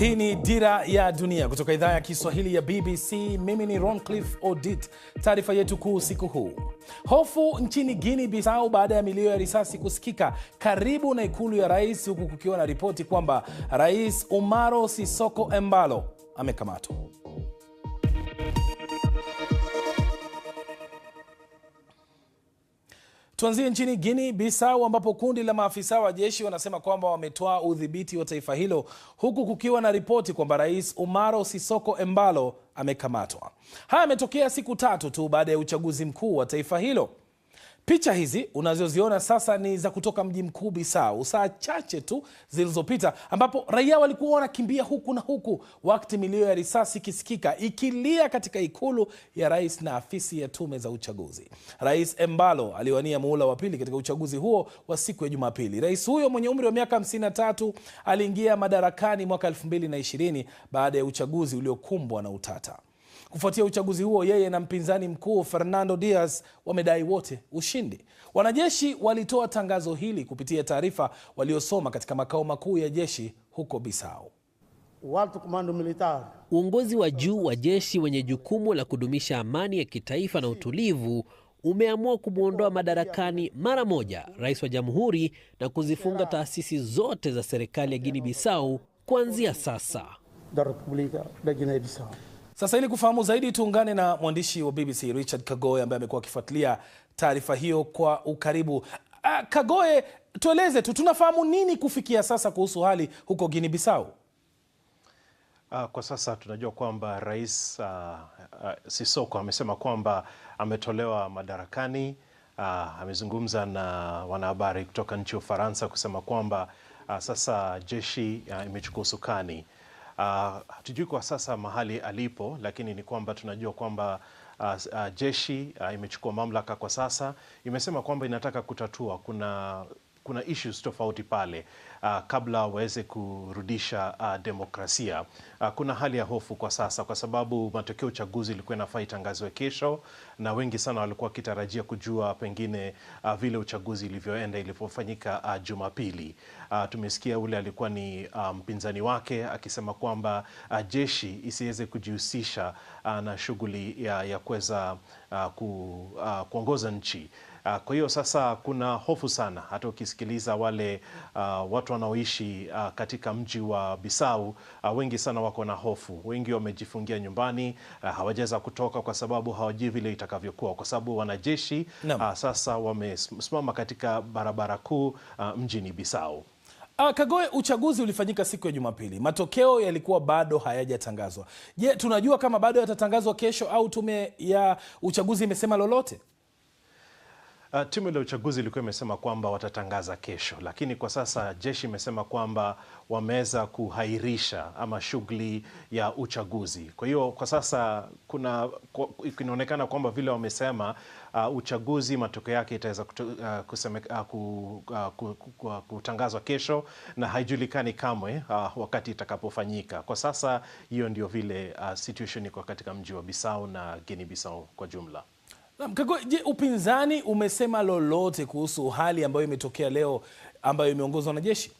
Hii ni Dira ya Dunia kutoka idhaa ya Kiswahili ya BBC. Mimi ni roncliff Odit. Taarifa yetu kuu siku huu: hofu nchini Guini Bisau baada ya milio ya risasi kusikika karibu na ikulu ya rais, huku kukiwa na ripoti kwamba Rais Umaro Sisoko Embalo amekamatwa. Tuanzie nchini Guinea Bissau ambapo kundi la maafisa wa jeshi wanasema kwamba wametoa udhibiti wa taifa hilo huku kukiwa na ripoti kwamba Rais Umaro sisoko Embalo amekamatwa. Haya yametokea siku tatu tu baada ya uchaguzi mkuu wa taifa hilo. Picha hizi unazoziona sasa ni za kutoka mji mkuu Bissau saa chache tu zilizopita, ambapo raia walikuwa wanakimbia huku na huku, wakati milio ya risasi ikisikika ikilia katika ikulu ya rais na afisi ya tume za uchaguzi. Rais Embalo aliwania muhula wa pili katika uchaguzi huo wa siku ya Jumapili. Rais huyo mwenye umri wa miaka 53 aliingia madarakani mwaka 2020 baada ya uchaguzi uliokumbwa na utata. Kufuatia uchaguzi huo, yeye na mpinzani mkuu Fernando Dias wamedai wote ushindi. Wanajeshi walitoa tangazo hili kupitia taarifa waliosoma katika makao makuu ya jeshi huko Bisau. Uongozi wa juu wa jeshi wenye jukumu la kudumisha amani ya kitaifa na utulivu umeamua kumwondoa madarakani mara moja rais wa jamhuri na kuzifunga taasisi zote za serikali ya Guinea Bissau kuanzia sasa. Sasa ili kufahamu zaidi, tuungane na mwandishi wa BBC Richard Kagoe ambaye amekuwa akifuatilia taarifa hiyo kwa ukaribu. A, ah, Kagoe, tueleze tu tunafahamu nini kufikia sasa kuhusu hali huko Guinea Bissau? Ah, kwa sasa tunajua kwamba Rais uh, ah, uh, Sisoko amesema kwamba ametolewa madarakani. Uh, amezungumza na wanahabari kutoka nchi ya Ufaransa kusema kwamba uh, sasa jeshi uh, imechukua usukani. Ah, hatujui tujui kwa sasa mahali alipo, lakini ni kwamba tunajua kwamba Uh, uh, jeshi uh, imechukua mamlaka kwa sasa, imesema kwamba inataka kutatua kuna kuna issues tofauti pale uh, kabla waweze kurudisha uh, demokrasia. Uh, kuna hali ya hofu kwa sasa kwa sababu matokeo ya uchaguzi ilikuwa inafaa itangazwe kesho, na wengi sana walikuwa wakitarajia kujua pengine uh, vile uchaguzi ilivyoenda ilipofanyika uh, Jumapili. Uh, tumesikia ule alikuwa ni mpinzani um, wake akisema kwamba uh, jeshi isiweze kujihusisha uh, na shughuli ya, ya kuweza uh, ku, uh, kuongoza nchi. Ah, kwa hiyo sasa kuna hofu sana, hata ukisikiliza wale uh, watu wanaoishi uh, katika mji wa bisau uh, wengi sana wako na hofu, wengi wamejifungia nyumbani uh, hawajaweza kutoka kwa sababu hawajui vile itakavyokuwa, kwa sababu wanajeshi uh, sasa wamesimama katika barabara kuu uh, mjini Bissau. Kagoe, uchaguzi ulifanyika siku ya Jumapili, matokeo yalikuwa bado hayajatangazwa. Je, tunajua kama bado yatatangazwa kesho au tume ya uchaguzi imesema lolote? Uh, tume la uchaguzi ilikuwa imesema kwamba watatangaza kesho, lakini kwa sasa jeshi imesema kwamba wameweza kuhairisha ama shughuli ya uchaguzi. Kwa hiyo kwa sasa kuna kwa, inaonekana kwamba vile wamesema uh, uchaguzi matokeo yake itaweza uh, uh, uh kutangazwa uh, kesho na haijulikani kamwe uh, wakati itakapofanyika. Kwa sasa hiyo ndio vile uh, situation iko katika mji wa Bissau na Guinea Bissau kwa jumla. Mkagwa, je, upinzani umesema lolote kuhusu hali ambayo imetokea leo ambayo imeongozwa na jeshi?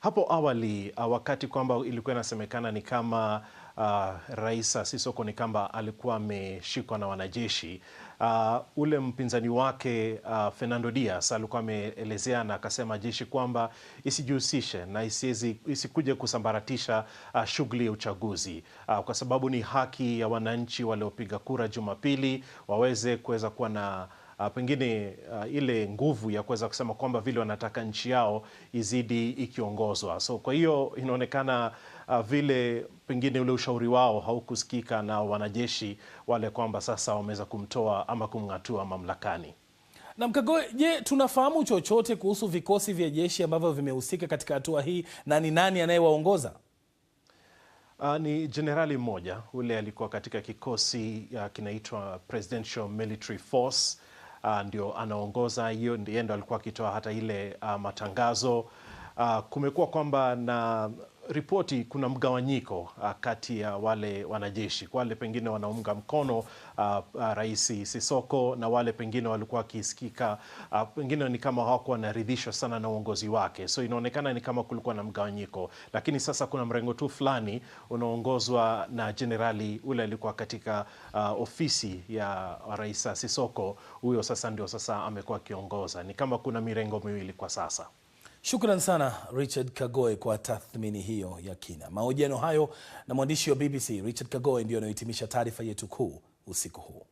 Hapo awali uh, wakati kwamba ilikuwa inasemekana ni kama uh, Rais Sisoko ni kamba alikuwa ameshikwa na wanajeshi uh, ule mpinzani wake uh, Fernando Dias alikuwa ameelezea na akasema jeshi kwamba isijihusishe na isiezi, isikuje kusambaratisha uh, shughuli ya uchaguzi uh, kwa sababu ni haki ya wananchi waliopiga kura Jumapili waweze kuweza kuwa na uh, pengine uh, ile nguvu ya kuweza kusema kwamba vile wanataka nchi yao izidi ikiongozwa. So kwa hiyo inaonekana uh, vile pengine ule ushauri wao haukusikika na wanajeshi wale, kwamba sasa wameweza kumtoa ama kumng'atua mamlakani. Na Mkagoe, je, tunafahamu chochote kuhusu vikosi vya jeshi ambavyo vimehusika katika hatua hii na ni nani anayewaongoza? Uh, ni jenerali mmoja ule alikuwa katika kikosi uh, kinaitwa Presidential Military Force uh, ndio anaongoza hiyo, ndiye ndo alikuwa akitoa hata ile uh, matangazo uh, kumekuwa kwamba na ripoti kuna mgawanyiko uh, kati ya wale wanajeshi, wale pengine wanaunga mkono uh, uh, Rais sisoko na wale pengine walikuwa wakisikika uh, pengine ni kama hawakuwa wanaridhishwa sana na uongozi wake, so inaonekana ni kama kulikuwa na mgawanyiko, lakini sasa kuna mrengo tu fulani unaongozwa na jenerali ule alikuwa katika uh, ofisi ya Rais sisoko huyo sasa ndio sasa amekuwa akiongoza. Ni kama kuna mirengo miwili kwa sasa. Shukran sana Richard Kagoe kwa tathmini hiyo ya kina. Mahojiano hayo na mwandishi wa BBC Richard Kagoe ndiyo anayohitimisha taarifa yetu kuu usiku huu.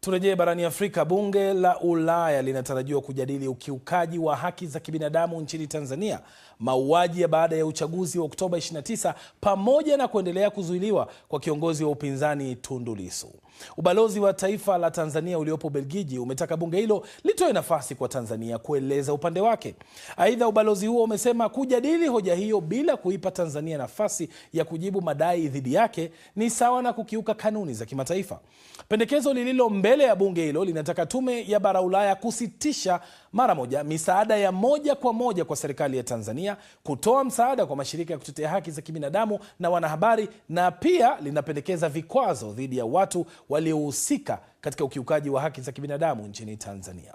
Turejee barani Afrika. Bunge la Ulaya linatarajiwa kujadili ukiukaji wa haki za kibinadamu nchini Tanzania mauaji ya baada ya uchaguzi wa Oktoba 29 pamoja na kuendelea kuzuiliwa kwa kiongozi wa upinzani Tundu Lissu. Ubalozi wa taifa la Tanzania uliopo Belgiji umetaka bunge hilo litoe nafasi kwa Tanzania kueleza upande wake. Aidha, ubalozi huo umesema kujadili hoja hiyo bila kuipa Tanzania nafasi ya kujibu madai dhidi yake ni sawa na kukiuka kanuni za kimataifa. Pendekezo lililo mbele ya bunge hilo linataka tume ya bara Ulaya kusitisha mara moja misaada ya moja kwa moja kwa serikali ya Tanzania Tanzania kutoa msaada kwa mashirika ya kutetea haki za kibinadamu na wanahabari na pia linapendekeza vikwazo dhidi ya watu waliohusika katika ukiukaji wa haki za kibinadamu nchini Tanzania.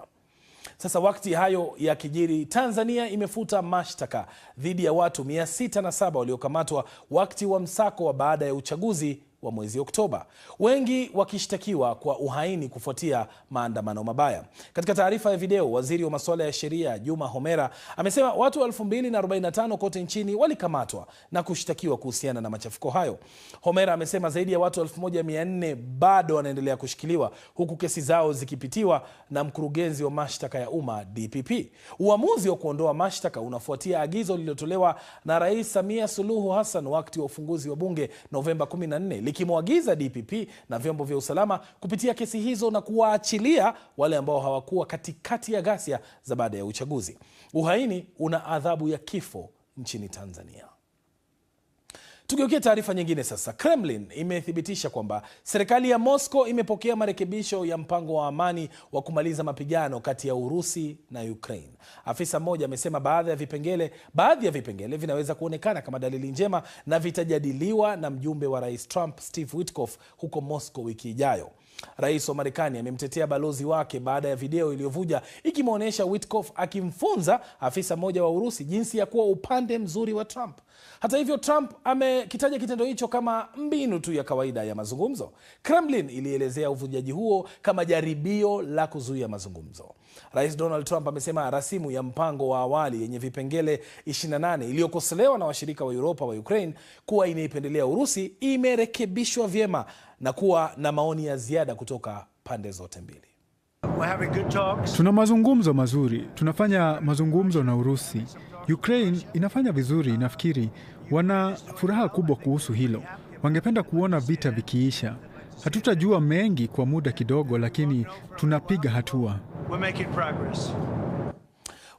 Sasa wakati hayo ya kijiri, Tanzania imefuta mashtaka dhidi ya watu 607 waliokamatwa wakati wa msako wa baada ya uchaguzi wa mwezi Oktoba, wengi wakishtakiwa kwa uhaini kufuatia maandamano mabaya. Katika taarifa ya video, waziri wa masuala ya sheria Juma Homera amesema watu 2045 kote nchini walikamatwa na kushtakiwa kuhusiana na machafuko hayo. Homera amesema zaidi ya watu 1400 bado wanaendelea kushikiliwa huku kesi zao zikipitiwa na mkurugenzi wa mashtaka ya umma DPP. Uamuzi wa kuondoa mashtaka unafuatia agizo lililotolewa na Rais Samia Suluhu Hassan wakati wa ufunguzi wa bunge Novemba 14 likimwagiza DPP na vyombo vya usalama kupitia kesi hizo na kuwaachilia wale ambao hawakuwa katikati ya ghasia za baada ya uchaguzi. Uhaini una adhabu ya kifo nchini Tanzania. Tugeukie taarifa nyingine sasa. Kremlin imethibitisha kwamba serikali ya Moscow imepokea marekebisho ya mpango wa amani wa kumaliza mapigano kati ya Urusi na Ukraine. Afisa mmoja amesema baadhi ya vipengele baadhi ya vipengele vinaweza kuonekana kama dalili njema na vitajadiliwa na mjumbe wa Rais Trump Steve Witkoff huko Moscow wiki ijayo. Rais wa Marekani amemtetea balozi wake baada ya video iliyovuja ikimwonyesha Witkoff akimfunza afisa mmoja wa Urusi jinsi ya kuwa upande mzuri wa Trump. Hata hivyo, Trump amekitaja kitendo hicho kama mbinu tu ya kawaida ya mazungumzo. Kremlin ilielezea uvujaji huo kama jaribio la kuzuia mazungumzo. Rais Donald Trump amesema rasimu ya mpango wa awali yenye vipengele 28 iliyokosolewa na washirika wa Uropa wa Ukraine kuwa inaipendelea Urusi imerekebishwa vyema na kuwa na maoni ya ziada kutoka pande zote mbili. Tuna mazungumzo mazuri, tunafanya mazungumzo na Urusi Ukraine inafanya vizuri, nafikiri wana furaha kubwa kuhusu hilo. Wangependa kuona vita vikiisha. Hatutajua mengi kwa muda kidogo, lakini tunapiga hatua.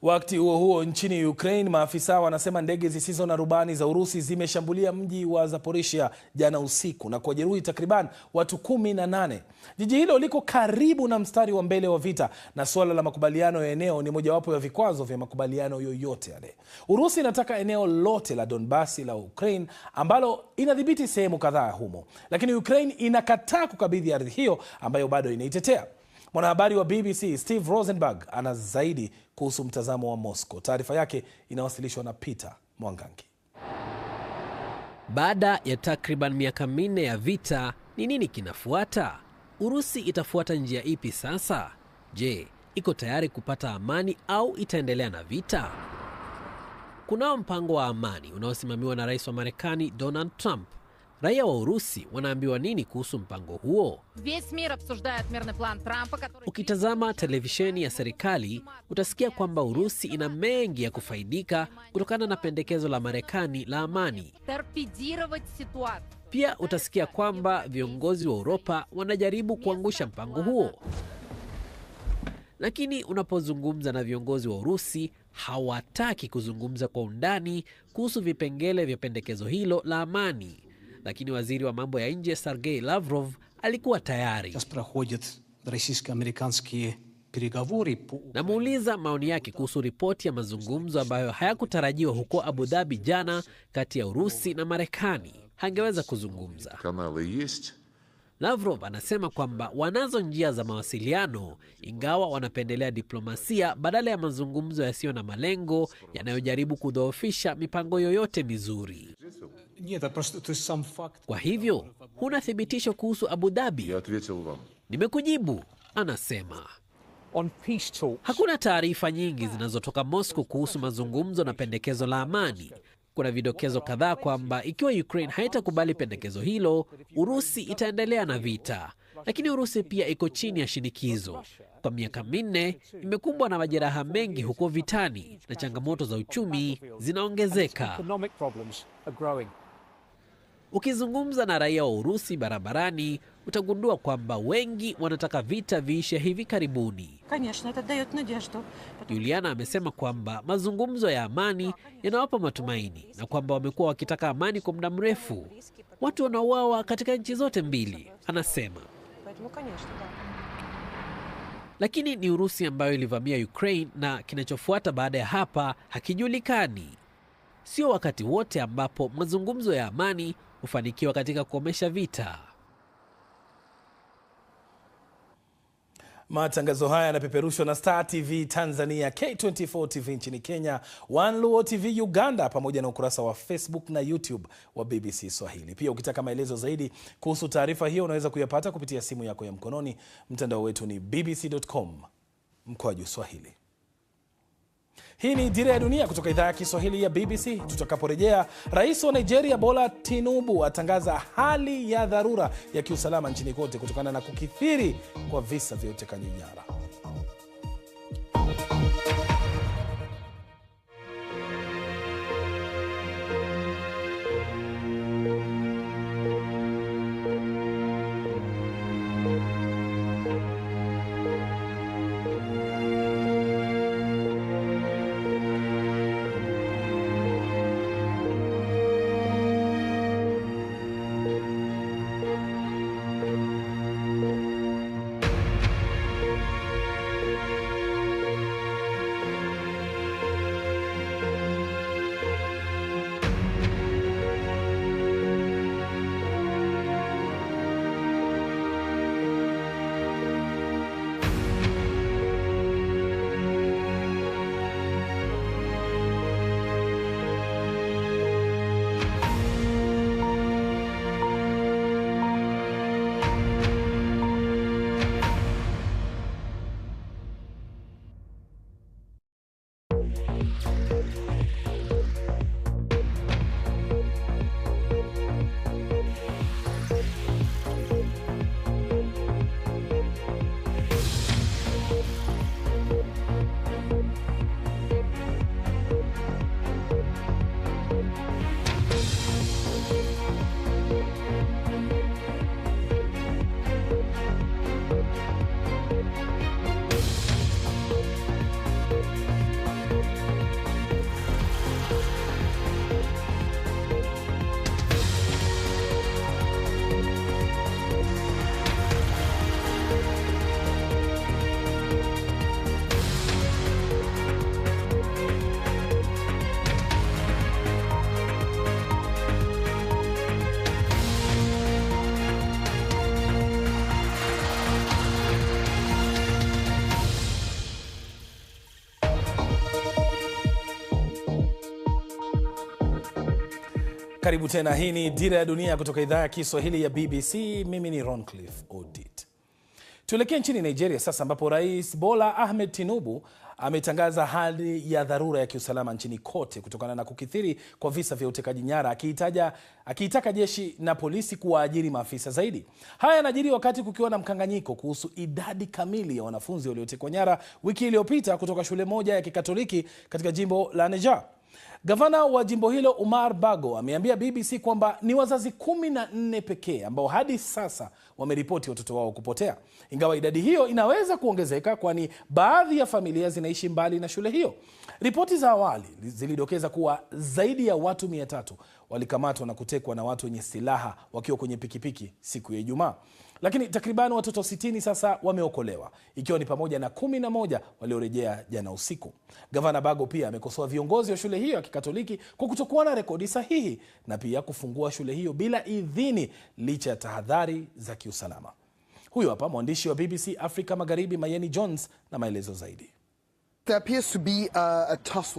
Wakati huo huo, nchini Ukraine, maafisa wanasema ndege zisizo na rubani za Urusi zimeshambulia mji wa Zaporizhia jana usiku na kuwajeruhi takriban watu kumi na nane. Jiji hilo liko karibu na mstari wa mbele wa vita na suala la makubaliano ya eneo ni mojawapo ya vikwazo vya makubaliano yoyote yale. Urusi inataka eneo lote la Donbasi la Ukraine ambalo inadhibiti sehemu kadhaa humo, lakini Ukraine inakataa kukabidhi ardhi hiyo ambayo bado inaitetea. Mwanahabari wa BBC Steve Rosenberg ana zaidi kuhusu mtazamo wa Moscow. Taarifa yake inawasilishwa na Peter Mwangangi. Baada ya takriban miaka minne ya vita, ni nini kinafuata? Urusi itafuata njia ipi sasa? Je, iko tayari kupata amani au itaendelea na vita? Kunao mpango wa amani unaosimamiwa na rais wa Marekani Donald Trump Raia wa Urusi wanaambiwa nini kuhusu mpango huo? Ukitazama televisheni ya serikali utasikia kwamba Urusi ina mengi ya kufaidika kutokana na pendekezo la Marekani la amani. Pia utasikia kwamba viongozi wa Uropa wanajaribu kuangusha mpango huo. Lakini unapozungumza na viongozi wa Urusi hawataki kuzungumza kwa undani kuhusu vipengele vya pendekezo hilo la amani lakini waziri wa mambo ya nje Sergei Lavrov alikuwa tayari. Namuuliza maoni yake kuhusu ripoti ya mazungumzo ambayo hayakutarajiwa huko Abu Dhabi jana kati ya Urusi na Marekani. Hangeweza kuzungumza. Kanali Lavrov anasema kwamba wanazo njia za mawasiliano, ingawa wanapendelea diplomasia badala ya mazungumzo yasiyo na malengo yanayojaribu kudhoofisha mipango yoyote mizuri. Kwa hivyo huna thibitisho kuhusu Abu Dhabi? Nimekujibu, anasema. Hakuna taarifa nyingi zinazotoka Moscow kuhusu mazungumzo na pendekezo la amani kuna vidokezo kadhaa kwamba ikiwa Ukraine haitakubali pendekezo hilo, Urusi itaendelea na vita. Lakini Urusi pia iko chini ya shinikizo. Kwa miaka minne imekumbwa na majeraha mengi huko vitani, na changamoto za uchumi zinaongezeka. Ukizungumza na raia wa Urusi barabarani utagundua kwamba wengi wanataka vita viishe hivi karibuni. Juliana amesema kwamba mazungumzo ya amani yanawapa matumaini na kwamba wamekuwa wakitaka amani kwa muda mrefu. Watu wanauawa katika nchi zote mbili, anasema. Lakini ni Urusi ambayo ilivamia Ukraine na kinachofuata baada ya hapa hakijulikani. Sio wakati wote ambapo mazungumzo ya amani kufanikiwa katika kukomesha vita. Matangazo haya yanapeperushwa na Star TV Tanzania, K24 TV nchini Kenya, Wanluo TV Uganda, pamoja na ukurasa wa Facebook na YouTube wa BBC Swahili. Pia ukitaka maelezo zaidi kuhusu taarifa hiyo unaweza kuyapata kupitia simu yako ya mkononi. Mtandao wetu ni bbc.com mkoaju Swahili. Hii ni Dira ya Dunia kutoka idhaa ya Kiswahili ya BBC. Tutakaporejea, rais wa Nigeria Bola Tinubu atangaza hali ya dharura ya kiusalama nchini kote kutokana na kukithiri kwa visa vya utekaji nyara. karibu tena. Hii ni Dira ya Dunia kutoka idhaa ya Kiswahili ya BBC. Mimi ni roncliff Odit. Tuelekee nchini Nigeria sasa, ambapo Rais Bola Ahmed Tinubu ametangaza hali ya dharura ya kiusalama nchini kote kutokana na kukithiri kwa visa vya utekaji nyara, akiitaka jeshi na polisi kuwaajiri maafisa zaidi. Haya yanajiri wakati kukiwa na mkanganyiko kuhusu idadi kamili ya wanafunzi waliotekwa nyara wiki iliyopita kutoka shule moja ya Kikatoliki katika jimbo la nejar Gavana wa jimbo hilo Umar Bago ameambia BBC kwamba ni wazazi kumi na nne pekee ambao hadi sasa wameripoti watoto wao kupotea, ingawa idadi hiyo inaweza kuongezeka, kwani baadhi ya familia zinaishi mbali na shule hiyo. Ripoti za awali zilidokeza kuwa zaidi ya watu mia tatu walikamatwa na kutekwa na watu wenye silaha wakiwa kwenye pikipiki siku ya Ijumaa. Lakini takriban watoto 60 sasa wameokolewa ikiwa ni pamoja na kumi na moja waliorejea jana usiku. Gavana Bago pia amekosoa viongozi wa shule hiyo ya Kikatoliki kwa kutokuwa na rekodi sahihi na pia kufungua shule hiyo bila idhini licha ya tahadhari za kiusalama. Huyo hapa mwandishi wa BBC Afrika Magharibi Mayeni Jones na maelezo zaidi.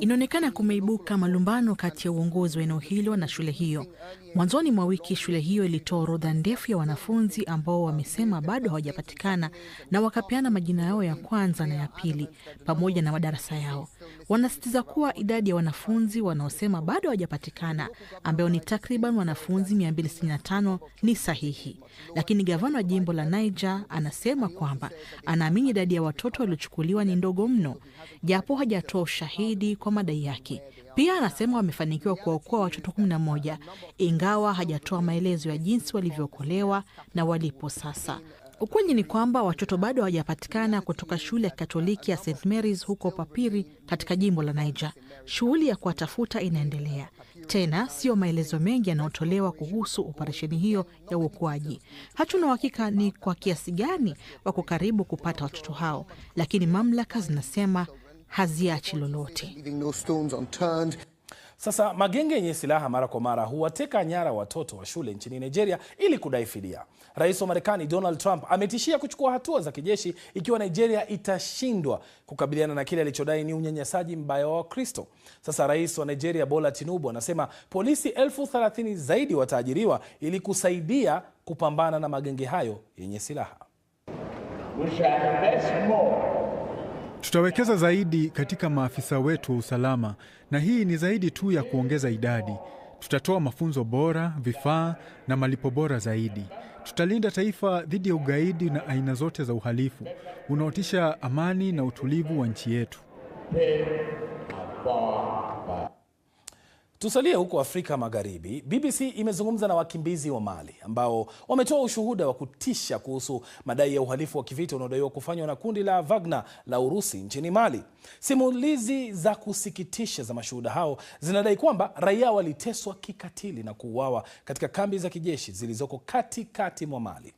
Inaonekana kumeibuka malumbano kati ya uongozi wa eneo hilo na shule hiyo. Mwanzoni mwa wiki, shule hiyo ilitoa orodha ndefu ya wanafunzi ambao wamesema bado hawajapatikana, na wakapeana majina yao ya kwanza na ya pili pamoja na madarasa yao wanasitiza kuwa idadi ya wanafunzi wanaosema bado hawajapatikana, ambayo ni takriban wanafunzi 265 ni sahihi, lakini gavana wa jimbo la Niger anasema kwamba anaamini idadi ya watoto waliochukuliwa ni ndogo mno, japo hajatoa ushahidi kwa madai yake. Pia anasema wamefanikiwa kuwaokoa watoto 11 ingawa hajatoa maelezo ya jinsi walivyookolewa na walipo sasa. Ukweli ni kwamba watoto bado hawajapatikana kutoka shule ya Katoliki ya St Mary's huko Papiri katika jimbo la Niger. Shughuli ya kuwatafuta inaendelea. Tena sio maelezo mengi yanayotolewa kuhusu operesheni hiyo ya uokoaji. Hatuna uhakika ni kwa kiasi gani wako karibu kupata watoto hao, lakini mamlaka zinasema haziachi lolote. Sasa magenge yenye silaha mara kwa mara huwateka nyara watoto wa shule nchini Nigeria ili kudai fidia. Rais wa Marekani Donald Trump ametishia kuchukua hatua za kijeshi ikiwa Nigeria itashindwa kukabiliana na kile alichodai ni unyanyasaji mbaya wa Wakristo. Sasa rais wa Nigeria Bola Tinubu anasema polisi elfu thelathini zaidi wataajiriwa ili kusaidia kupambana na magenge hayo yenye silaha. Tutawekeza zaidi katika maafisa wetu wa usalama na hii ni zaidi tu ya kuongeza idadi. Tutatoa mafunzo bora, vifaa na malipo bora zaidi. Tutalinda taifa dhidi ya ugaidi na aina zote za uhalifu unaotisha amani na utulivu wa nchi yetu. Tusalie huko Afrika Magharibi. BBC imezungumza na wakimbizi wa Mali ambao wametoa ushuhuda wa kutisha kuhusu madai ya uhalifu wa kivita unaodaiwa kufanywa na kundi la Wagner la Urusi nchini Mali. Simulizi za kusikitisha za mashuhuda hao zinadai kwamba raia waliteswa kikatili na kuuawa katika kambi za kijeshi zilizoko katikati mwa Mali.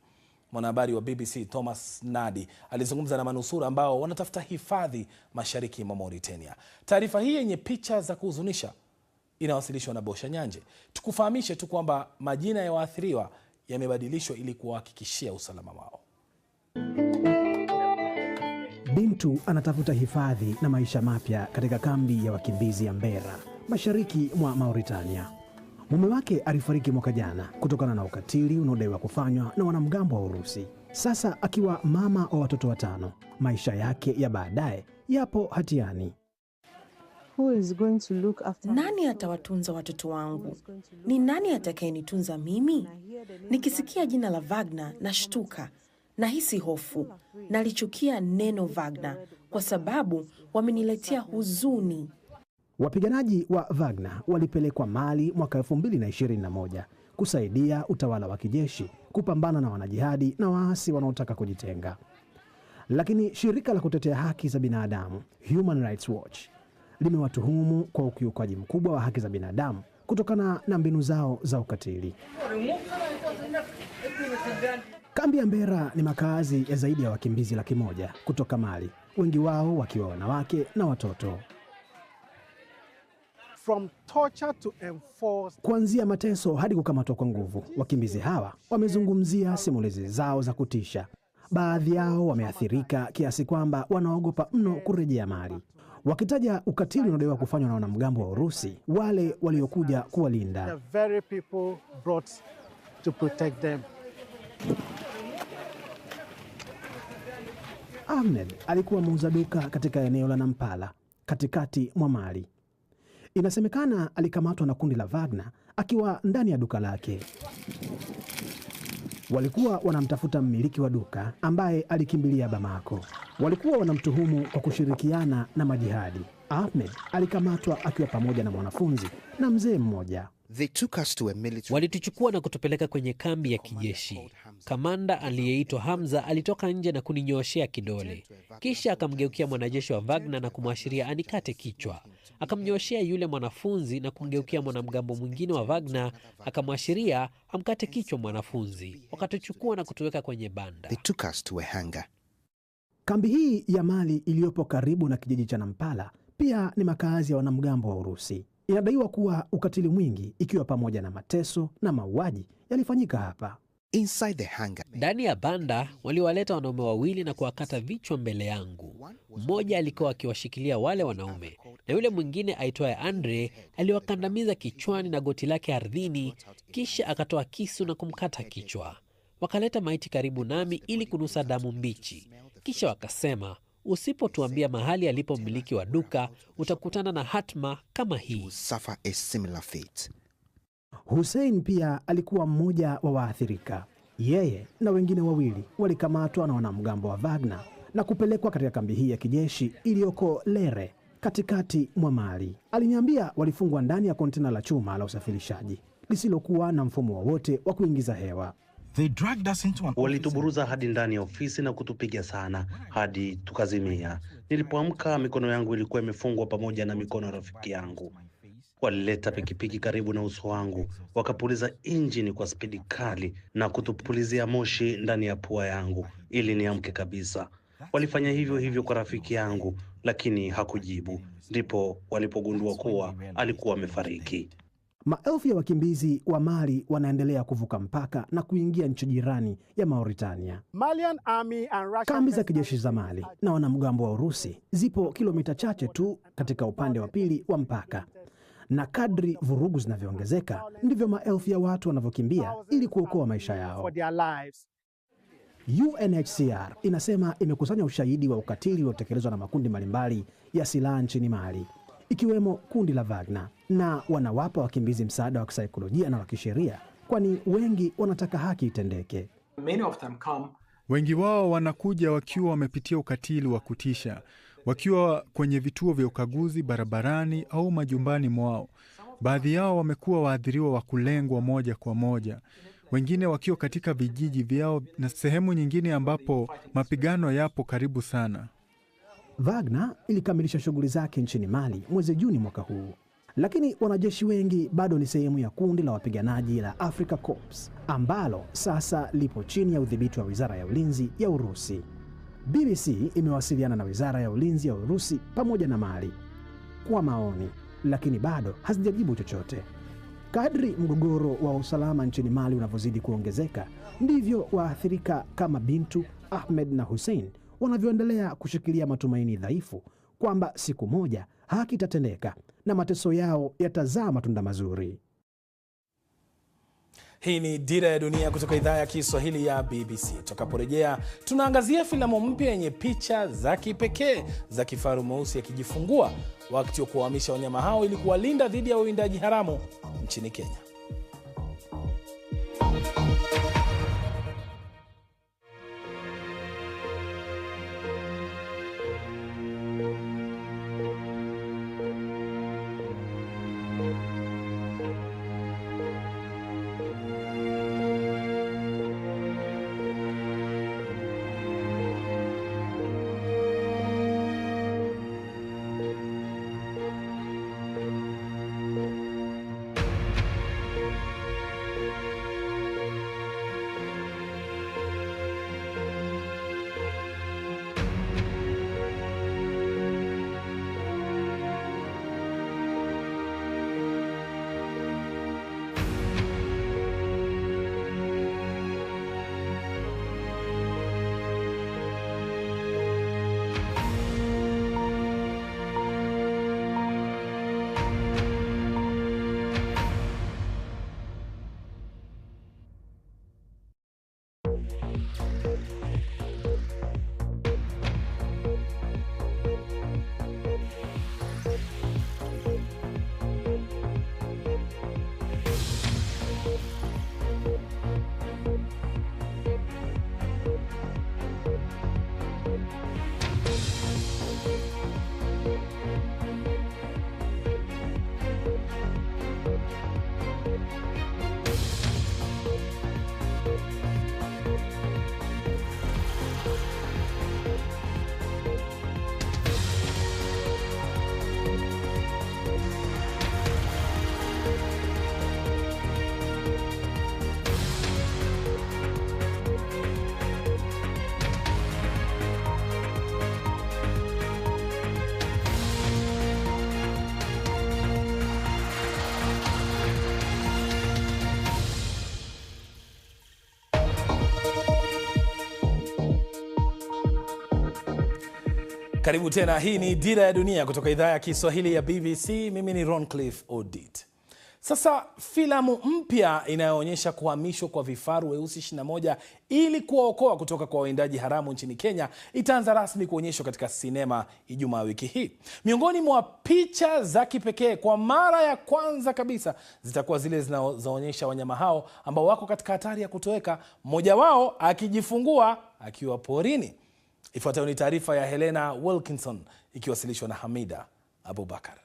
Mwanahabari wa BBC Thomas Nadi alizungumza na manusura ambao wanatafuta hifadhi mashariki mwa Mauritania. Taarifa hii yenye picha za kuhuzunisha inawasilishwa na Bosha Nyanje. Tukufahamishe tu kwamba majina ya waathiriwa yamebadilishwa ili kuwahakikishia usalama wao. Bintu anatafuta hifadhi na maisha mapya katika kambi ya wakimbizi ya Mbera mashariki mwa Mauritania. Mume wake alifariki mwaka jana kutokana na ukatili unaodaiwa kufanywa na wanamgambo wa Urusi. Sasa akiwa mama wa watoto watano, maisha yake ya baadaye yapo hatiani. Who is going to look after nani atawatunza watoto wangu? Ni nani atakayenitunza mimi? Nikisikia jina la Wagner nashtuka, nahisi hofu, nalichukia neno Wagner kwa sababu wameniletea huzuni. Wapiganaji wa Wagner walipelekwa Mali mwaka 2021 kusaidia utawala wa kijeshi kupambana na wanajihadi na waasi wanaotaka kujitenga, lakini shirika la kutetea haki za binadamu Human Rights Watch limewatuhumu kwa ukiukaji mkubwa wa haki za binadamu kutokana na mbinu zao za ukatili. Kambi ya Mbera ni makazi ya zaidi ya wakimbizi laki moja kutoka Mali, wengi wao wakiwa wanawake na watoto. From torture to Kuanzia mateso hadi kukamatwa kwa nguvu, wakimbizi hawa wamezungumzia simulizi zao za kutisha. Baadhi yao wameathirika kiasi kwamba wanaogopa mno kurejea Mali, wakitaja ukatili unaodaiwa kufanywa na wanamgambo wa Urusi, wale waliokuja kuwalinda. Ahmed alikuwa muuza duka katika eneo la Nampala, katikati mwa Mali. Inasemekana alikamatwa na kundi la Wagner akiwa ndani ya duka lake. Walikuwa wanamtafuta mmiliki wa duka ambaye alikimbilia Bamako. Walikuwa wanamtuhumu kwa kushirikiana na majihadi. Ahmed alikamatwa akiwa pamoja na mwanafunzi na mzee mmoja. Walituchukua na kutupeleka kwenye kambi ya kijeshi. Kamanda aliyeitwa Hamza alitoka nje na kuninyooshea kidole, kisha akamgeukia mwanajeshi wa Wagner na kumwashiria anikate kichwa. Akamnyooshea yule mwanafunzi na kumgeukia mwanamgambo mwingine wa Wagner akamwashiria amkate kichwa mwanafunzi. Wakatuchukua na kutuweka kwenye banda. Kambi hii ya Mali iliyopo karibu na kijiji cha Nampala pia ni makazi ya wanamgambo wa Urusi. Inadaiwa kuwa ukatili mwingi ikiwa pamoja na mateso na mauaji yalifanyika hapa. Inside the hangar. Ndani ya banda waliwaleta wanaume wawili na kuwakata vichwa mbele yangu. Mmoja alikuwa akiwashikilia wale wanaume na yule mwingine aitwaye Andre aliwakandamiza kichwani na goti lake ardhini, kisha akatoa kisu na kumkata kichwa. Wakaleta maiti karibu nami ili kunusa damu mbichi, kisha wakasema Usipotuambia mahali alipo mmiliki wa duka, utakutana na hatma kama hii. Hussein pia alikuwa mmoja wa waathirika. Yeye na wengine wawili walikamatwa na wanamgambo wa Wagner na kupelekwa katika kambi hii ya kijeshi iliyoko Lere katikati mwa Mali. Aliniambia walifungwa ndani ya kontena la chuma la usafirishaji lisilokuwa na mfumo wowote wa, wa kuingiza hewa. Walituburuza hadi ndani ya ofisi na kutupiga sana hadi tukazimia. Nilipoamka mikono yangu ilikuwa imefungwa pamoja na mikono ya rafiki yangu. Walileta pikipiki karibu na uso wangu, wakapuliza injini kwa spidi kali na kutupulizia moshi ndani ya pua yangu ili niamke kabisa. Walifanya hivyo hivyo kwa rafiki yangu, lakini hakujibu. Ndipo walipogundua kuwa alikuwa amefariki. Maelfu ya wakimbizi wa Mali wanaendelea kuvuka mpaka na kuingia nchi jirani ya Mauritania. Kambi za kijeshi za Mali na wanamgambo wa Urusi zipo kilomita chache tu katika upande wa pili wa mpaka, na kadri vurugu zinavyoongezeka ndivyo maelfu ya watu wanavyokimbia ili kuokoa maisha yao. UNHCR inasema imekusanya ushahidi wa ukatili uliotekelezwa na makundi mbalimbali ya silaha nchini Mali ikiwemo kundi la Wagner na wanawapa wakimbizi msaada wa kisaikolojia na wa kisheria, kwani wengi wanataka haki itendeke. Wengi wao wanakuja wakiwa wamepitia ukatili wa kutisha, wakiwa kwenye vituo vya ukaguzi, barabarani au majumbani mwao. Baadhi yao wamekuwa waathiriwa wa kulengwa moja kwa moja, wengine wakiwa katika vijiji vyao na sehemu nyingine ambapo mapigano yapo karibu sana. Wagner ilikamilisha shughuli zake nchini Mali mwezi Juni mwaka huu, lakini wanajeshi wengi bado ni sehemu ya kundi la wapiganaji la Africa Corps ambalo sasa lipo chini ya udhibiti wa Wizara ya Ulinzi ya Urusi. BBC imewasiliana na Wizara ya Ulinzi ya Urusi pamoja na Mali kwa maoni, lakini bado hazijajibu chochote. Kadri mgogoro wa usalama nchini Mali unavyozidi kuongezeka, ndivyo waathirika kama Bintu, Ahmed na Hussein wanavyoendelea kushikilia matumaini dhaifu kwamba siku moja haki itatendeka na mateso yao yatazaa matunda mazuri. Hii ni Dira ya Dunia kutoka idhaa ya Kiswahili ya BBC. tukaporejea tunaangazia filamu mpya yenye picha za kipekee za kifaru mweusi akijifungua wakati wa kuwahamisha wanyama hao ili kuwalinda dhidi ya uwindaji haramu nchini Kenya. Karibu tena. Hii ni Dira ya Dunia kutoka idhaa ya Kiswahili ya BBC. Mimi ni Roncliff Odit. Sasa filamu mpya inayoonyesha kuhamishwa kwa vifaru weusi 21 ili kuwaokoa kutoka kwa wawindaji haramu nchini Kenya itaanza rasmi kuonyeshwa katika sinema Ijumaa wiki hii. Miongoni mwa picha za kipekee kwa mara ya kwanza kabisa zitakuwa zile zinazoonyesha wanyama hao ambao wako katika hatari ya kutoweka, mmoja wao akijifungua akiwa porini. Ifuatayo ni taarifa ya Helena Wilkinson ikiwasilishwa na Hamida Abubakar.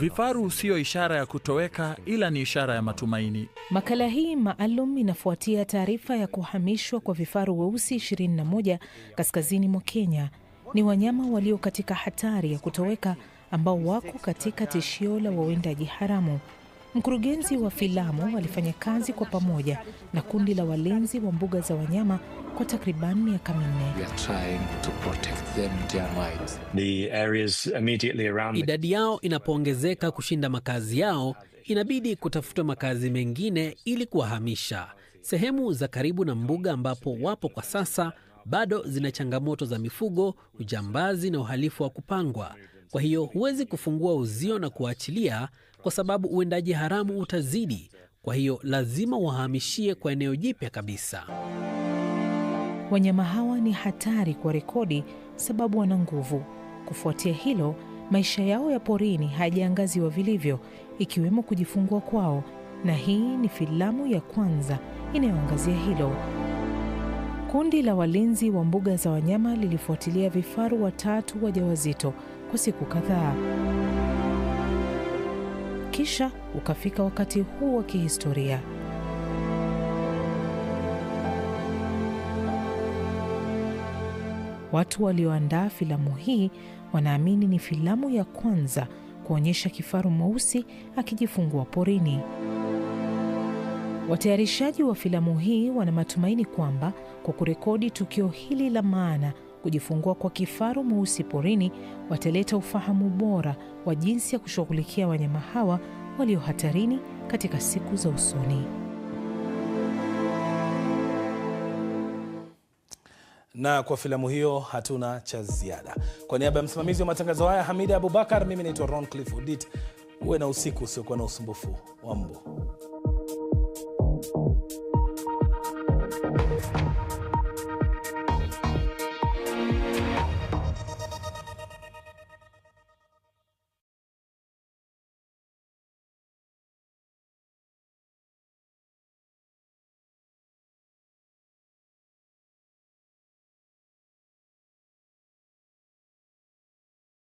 Vifaru siyo ishara ya kutoweka, ila ni ishara ya matumaini. Makala hii maalum inafuatia taarifa ya kuhamishwa kwa vifaru weusi 21 kaskazini mwa Kenya. Ni wanyama walio katika hatari ya kutoweka ambao wako katika tishio la wawindaji haramu. Mkurugenzi wa filamu alifanya kazi kwa pamoja na kundi la walinzi wa mbuga za wanyama kwa takriban miaka minne. Idadi yao inapoongezeka kushinda makazi yao, inabidi kutafuta makazi mengine ili kuwahamisha. Sehemu za karibu na mbuga ambapo wapo kwa sasa bado zina changamoto za mifugo, ujambazi na uhalifu wa kupangwa. Kwa hiyo huwezi kufungua uzio na kuachilia, kwa sababu uendaji haramu utazidi. Kwa hiyo lazima wahamishie kwa eneo jipya kabisa. Wanyama hawa ni hatari kwa rekodi, sababu wana nguvu. Kufuatia hilo, maisha yao ya porini hayajaangaziwa vilivyo, ikiwemo kujifungua kwao, na hii ni filamu ya kwanza inayoangazia hilo. Kundi la walinzi wa mbuga za wanyama lilifuatilia vifaru watatu wajawazito kwa siku kadhaa. Kisha ukafika wakati huu wa kihistoria. Watu walioandaa filamu hii wanaamini ni filamu ya kwanza kuonyesha kifaru mweusi akijifungua porini. Watayarishaji wa filamu hii wana matumaini kwamba kwa kurekodi tukio hili la maana kujifungua kwa kifaru mweusi porini wataleta ufahamu bora wa jinsi ya kushughulikia wanyama hawa walio hatarini katika siku za usoni. Na kwa filamu hiyo hatuna cha ziada. Kwa niaba ya msimamizi wa matangazo haya Hamida Abubakar, mimi naitwa cliff Odit. Uwe na usiku usiokuwa na usumbufu wa mbo